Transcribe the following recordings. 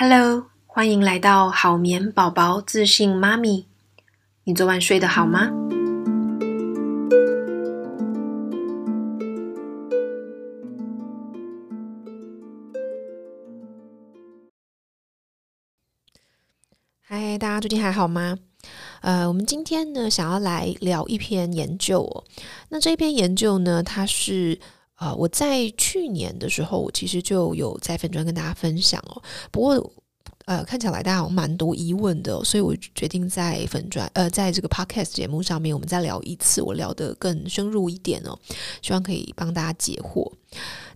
Hello，歡迎來到好眠寶寶自信媽咪。你昨晚睡得好嗎？嗨，大家最近還好嗎？呃，我們今天呢，想要來聊一篇研究哦。那這篇研究呢，它是。啊、呃，我在去年的時候，我其實就有在粉專跟大家分享哦，不過。呃，看起來大家有蠻多疑問的哦，所以我決定在粉專呃，在這個 Podcast 節目上面，我們再聊一次，我聊得更深入一點哦，希望可以幫大家解惑。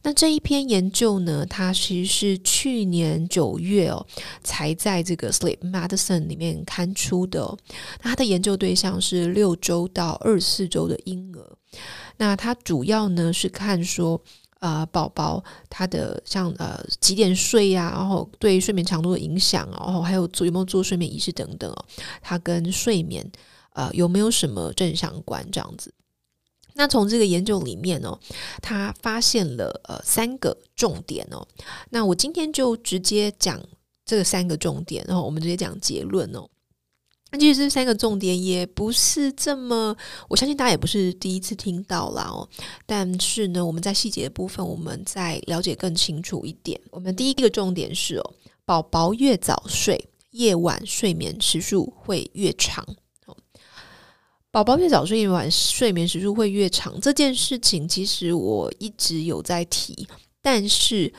那這一篇研究呢，它其實是去年九月哦，才在這個 Sleep Medicine 裡面刊出的哦。那它的研究對象是六周到二十四周的嬰兒。那它主要呢是看說，呃，寶寶他的像呃幾點睡呀，啊，然後對睡眠長度的影響，然後哦，還有做有沒有做睡眠儀式等等哦，他跟睡眠呃有沒有什麼正相關？這樣子。那從這個研究裡面哦，他發現了呃三個重點哦。那我今天就直接講這個三個重點，然後我們直接講結論哦。那其實這三個重點也不是這麼，我相信大家也不是第一次聽到了哦。但是呢，我們在細節的部分，我們再了解更清楚一點。我們第一個重點是哦，寶寶越早睡，夜晚睡眠時數會越長。寶寶越早睡，夜晚睡眠時數會越長這件事情，其實我一直有在提，但是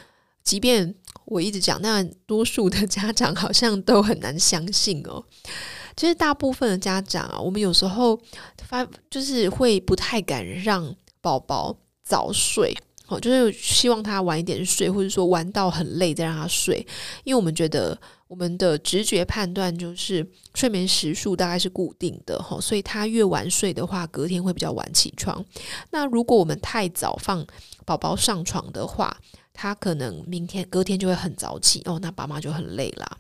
即便我一直講，那多數的家長好像都很難相信哦。其實大部分的家長啊，我們有時候發就是會不太敢讓寶寶早睡，哦，就是希望他晚一點睡，或者說玩到很累再讓他睡，因為我們覺得我們的直覺判斷就是睡眠時數大概是固定的，哈、哦，所以他越晚睡的話，隔天會比較晚起床。那如果我們太早放寶寶上床的話，他可能明天隔天就會很早起哦，那爸媽就很累了。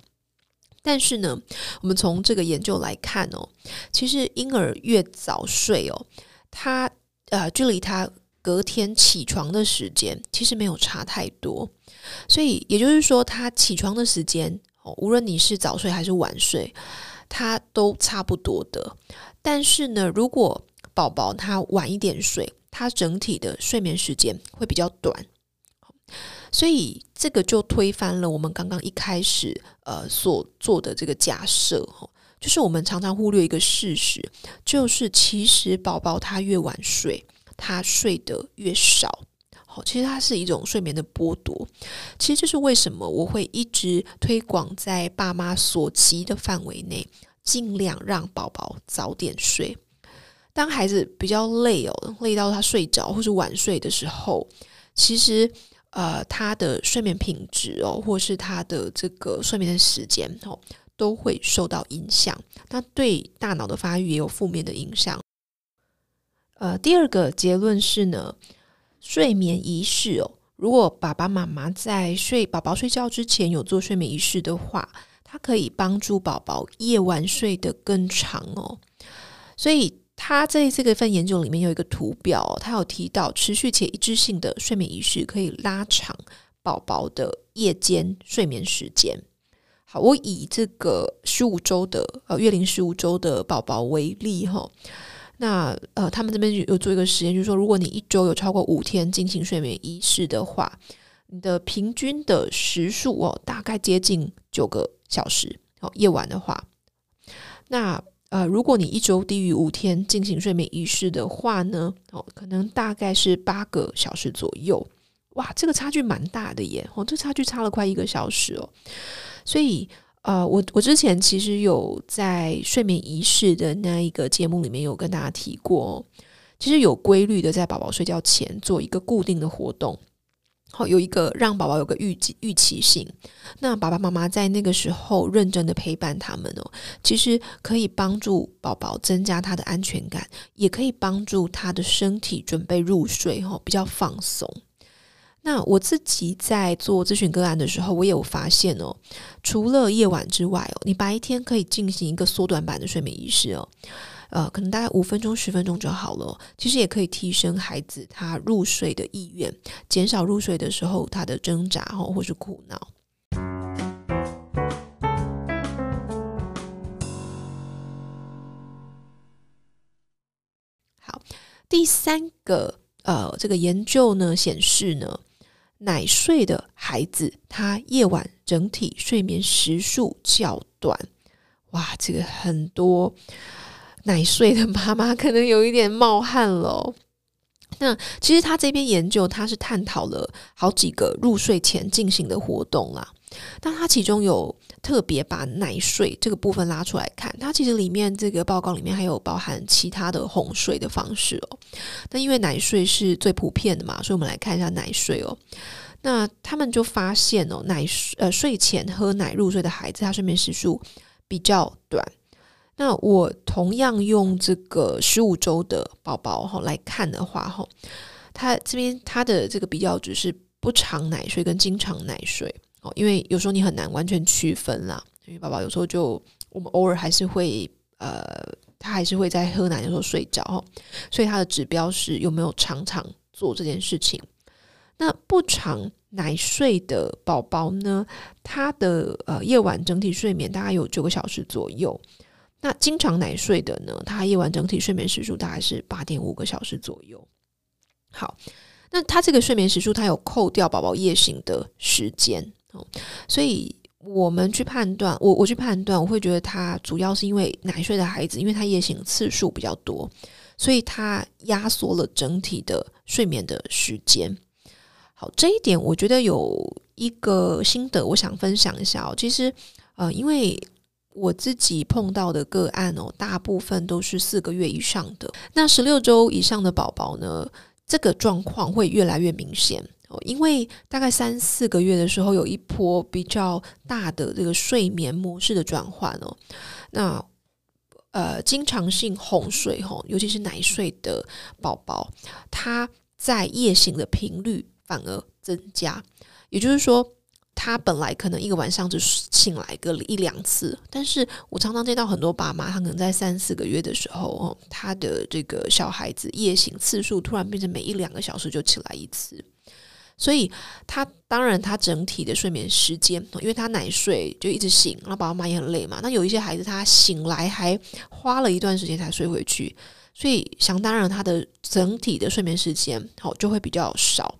但是呢，我們從這個研究來看哦，其實嬰兒越早睡哦，他呃，距離他隔天起床的時間其實沒有差太多。所以也就是說，他起床的時間哦，無論你是早睡還是晚睡，他都差不多的。但是呢，如果寶寶他晚一點睡，他整體的睡眠時間會比較短。所以這個就推翻了我們剛剛一開始呃所做的這個假設哦，就是我們常常忽略一個事實，就是其實寶寶他越晚睡，他睡得越少，好、哦，其實它是一種睡眠的剝奪。其實這是為什麼我會一直推廣在爸媽所及的範圍內，盡量讓寶寶早點睡。當孩子比較累哦，累到他睡着或是晚睡的時候，其實。呃，他的睡眠品質哦，或是他的這個睡眠的時間哦，都會受到影響。那對大腦的發育也有負面的影響。呃，第二個結論是呢，睡眠儀式哦，如果爸爸媽媽在睡，寶寶睡覺之前有做睡眠儀式的話，它可以幫助寶寶夜晚睡得更長哦。所以。他在這個份研究裡面有一個圖表，他有提到持續且一致性的睡眠儀式可以拉長寶寶的夜間睡眠時間。好，我以這個十五周的呃月齡十五周的寶寶為例哈、哦，那呃他們這邊有做一個實驗，就是說如果你一周有超過五天進行睡眠儀式的話，你的平均的時數哦大概接近九個小時哦，夜晚的話，那。呃，如果你一週低於五天進行睡眠儀式的話呢，哦，可能大概是八個小時左右。哇，這個差距蠻大的耶！哦，這差距差了快一個小時哦。所以，呃，我我之前其實有在睡眠儀式的那一個節目裡面有跟大家提過，其實有規律的在寶寶睡覺前做一個固定的活動。好，有一個讓寶寶有個預期預期性，那爸爸媽媽在那個時候認真的陪伴他們哦，其實可以幫助寶寶增加他的安全感，也可以幫助他的身體準備入睡，哦，比較放鬆。那我自己在做諮詢個案的時候，我也有發現哦，除了夜晚之外哦，你白天可以進行一個縮短版的睡眠儀式哦。呃，可能大概五分鐘、十分鐘就好了哦。其實也可以提升孩子他入睡的意願，減少入睡的時候他的掙扎哦，或是哭鬧。好，第三個呃，這個研究呢顯示呢，奶睡的孩子他夜晚整體睡眠時數較短。哇，這個很多。奶睡的媽媽可能有一點冒汗嘍哦。那其實他這篇研究，他是探討了好幾個入睡前進行的活動啦。那他其中有特別把奶睡這個部分拉出來看，他其實裡面這個報告裡面還有包含其他的哄睡的方式哦。那因為奶睡是最普遍的嘛，所以我們來看一下奶睡哦。那他們就發現哦，奶睡呃睡前喝奶入睡的孩子，他睡眠時數比較短。那我同樣用這個十五周的寶寶來看的話，他這邊他的這個比較只是不常奶睡跟經常奶睡哦，因為有時候你很難完全區分啦，因為寶寶有時候就我們偶爾還是會呃，他還是會在喝奶的時候睡着，所以他的指標是有沒有常常做這件事情。那不常奶睡的寶寶呢，他的呃夜晚整體睡眠大概有九個小時左右。那經常奶睡的呢，他夜晚整體睡眠時數大概是八點五個小時左右。好，那他這個睡眠時數，他有扣掉寶寶夜醒的時間哦，所以我們去判斷，我我去判斷，我會覺得他主要是因為奶睡的孩子，因為他夜醒次數比較多，所以他壓縮了整體的睡眠的時間。好，這一點我覺得有一個心得，我想分享一下哦。其實，呃，因為我自己碰到的個案哦，大部分都是四個月以上的。那十六周以上的寶寶呢，這個狀況會越來越明顯哦，因為大概三四個月的時候，有一波比較大的這個睡眠模式的轉換哦。那呃，經常性哄睡吼，尤其是奶睡的寶寶，他在夜醒的頻率反而增加，也就是說。他本來可能一個晚上只醒來個一兩次，但是我常常見到很多爸媽，他可能在三四個月的時候，哦，他的這個小孩子夜醒次數突然變成每一兩個小時就起來一次，所以他當然他整體的睡眠時間，因為他奶睡就一直醒，那爸爸媽媽也很累嘛。那有一些孩子他醒來還花了一段時間才睡回去，所以想當然他的整體的睡眠時間好就會比較少。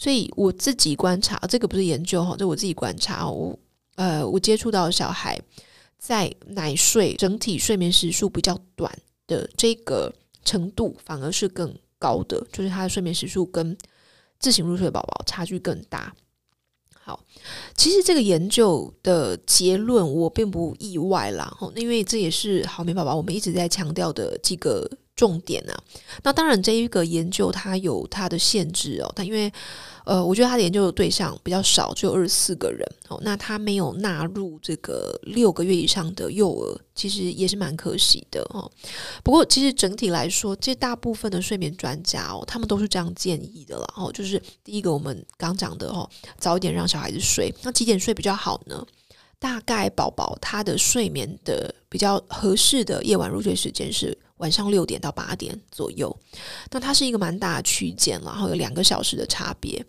所以我自己觀察，這個不是研究哈，這我自己觀察，我呃，我接觸到小孩在奶睡整體睡眠時數比較短的這個程度，反而是更高的，就是他的睡眠時數跟自行入睡的寶寶差距更大。好，其實這個研究的結論我並不意外啦，那因為這也是好眠寶寶我們一直在強調的這個。重點啊，那當然，這一個研究它有它的限制哦。它因為呃，我覺得它的研究的對象比較少，只有二十四個人哦。那它沒有納入這個六個月以上的幼兒，其實也是蠻可惜的哦。不過，其實整體來說，這大部分的睡眠專家哦，他們都是這樣建議的了哦。就是第一個，我們剛講的哦，早一點讓小孩子睡，那幾點睡比較好呢？大概寶寶他的睡眠的比較合適的夜晚入睡時間是。晚上六點到八點左右，那它是一個蠻大的區間，然後有兩個小時的差別。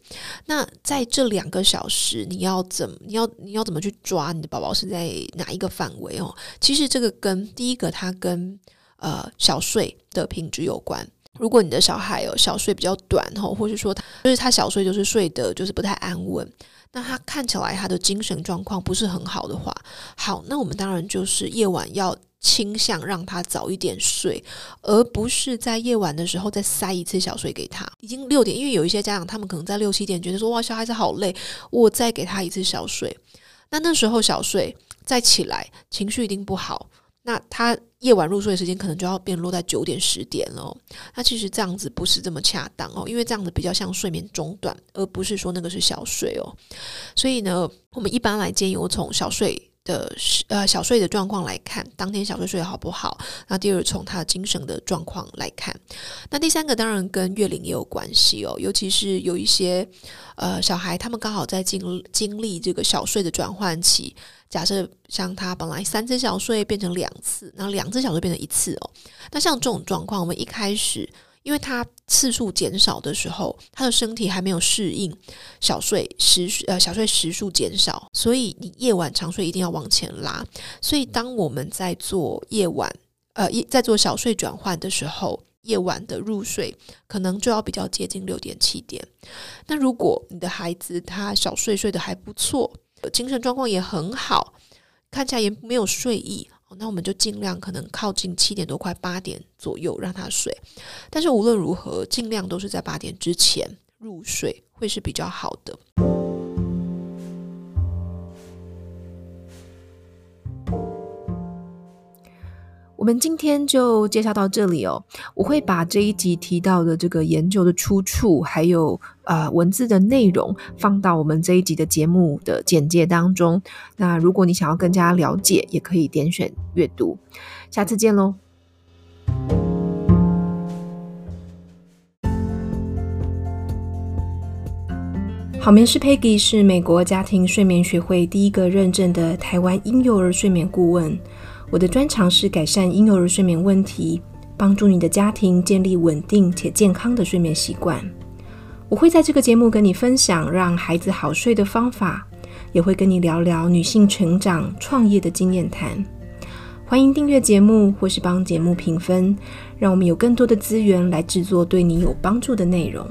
那在這兩個小時，你要怎你要你要怎麼去抓你的寶寶是在哪一個範圍？哦，其實這個跟第一個，它跟呃小睡的品質有關。如果你的小孩哦小睡比較短，吼，或是說他就是他小睡就是睡得就是不太安穩，那他看起來他的精神狀況不是很好的話，好，那我們當然就是夜晚要。傾向讓他早一點睡，而不是在夜晚的時候再塞一次小睡給他。已經六點，因為有一些家長他們可能在六七點覺得說哇，小孩子好累，我再給他一次小睡。那那時候小睡再起來，情緒一定不好。那他夜晚入睡的時間可能就要變落在九點十點了哦。那其實這樣子不是這麼恰當哦，因為這樣子比較像睡眠中斷，而不是說那個是小睡哦。所以呢，我們一般來建議我從小睡。的呃小睡的狀況來看，當天小睡睡得好不好？那第二，從他的精神的狀況來看，那第三個當然跟月齡也有關係哦，尤其是有一些呃小孩，他們剛好在經經歷這個小睡的轉換期。假設像他本來三次小睡變成兩次，然後兩次小睡變成一次哦，那像這種狀況，我們一開始。因為他次數減少的時候，他的身體還沒有適應小睡時呃小睡時數減少，所以你夜晚長睡一定要往前拉。所以當我們在做夜晚呃在做小睡轉換的時候，夜晚的入睡可能就要比較接近六點七點。那如果你的孩子他小睡睡得還不錯，精神狀況也很好，看起來也沒有睡意，那我們就盡量可能靠近七點多快八點左右讓他睡，但是無論如何，盡量都是在八點之前入睡會是比較好的。我們今天就介紹到這裡哦。我會把這一集提到的這個研究的出處，還有呃文字的內容，放到我們這一集的節目的簡介當中。那如果你想要更加了解，也可以點選閱讀。下次見嘍！好眠師 Peggy 是美國家庭睡眠學會第一個認證的台灣嬰幼兒睡眠顧問。我的專長是改善嬰幼兒睡眠問題，幫助你的家庭建立穩定且健康的睡眠習慣。我會在這個節目跟你分享讓孩子好睡的方法，也會跟你聊聊女性成長創業的經驗談。歡迎訂閱節目或是幫節目評分，讓我們有更多的資源來製作對你有幫助的內容。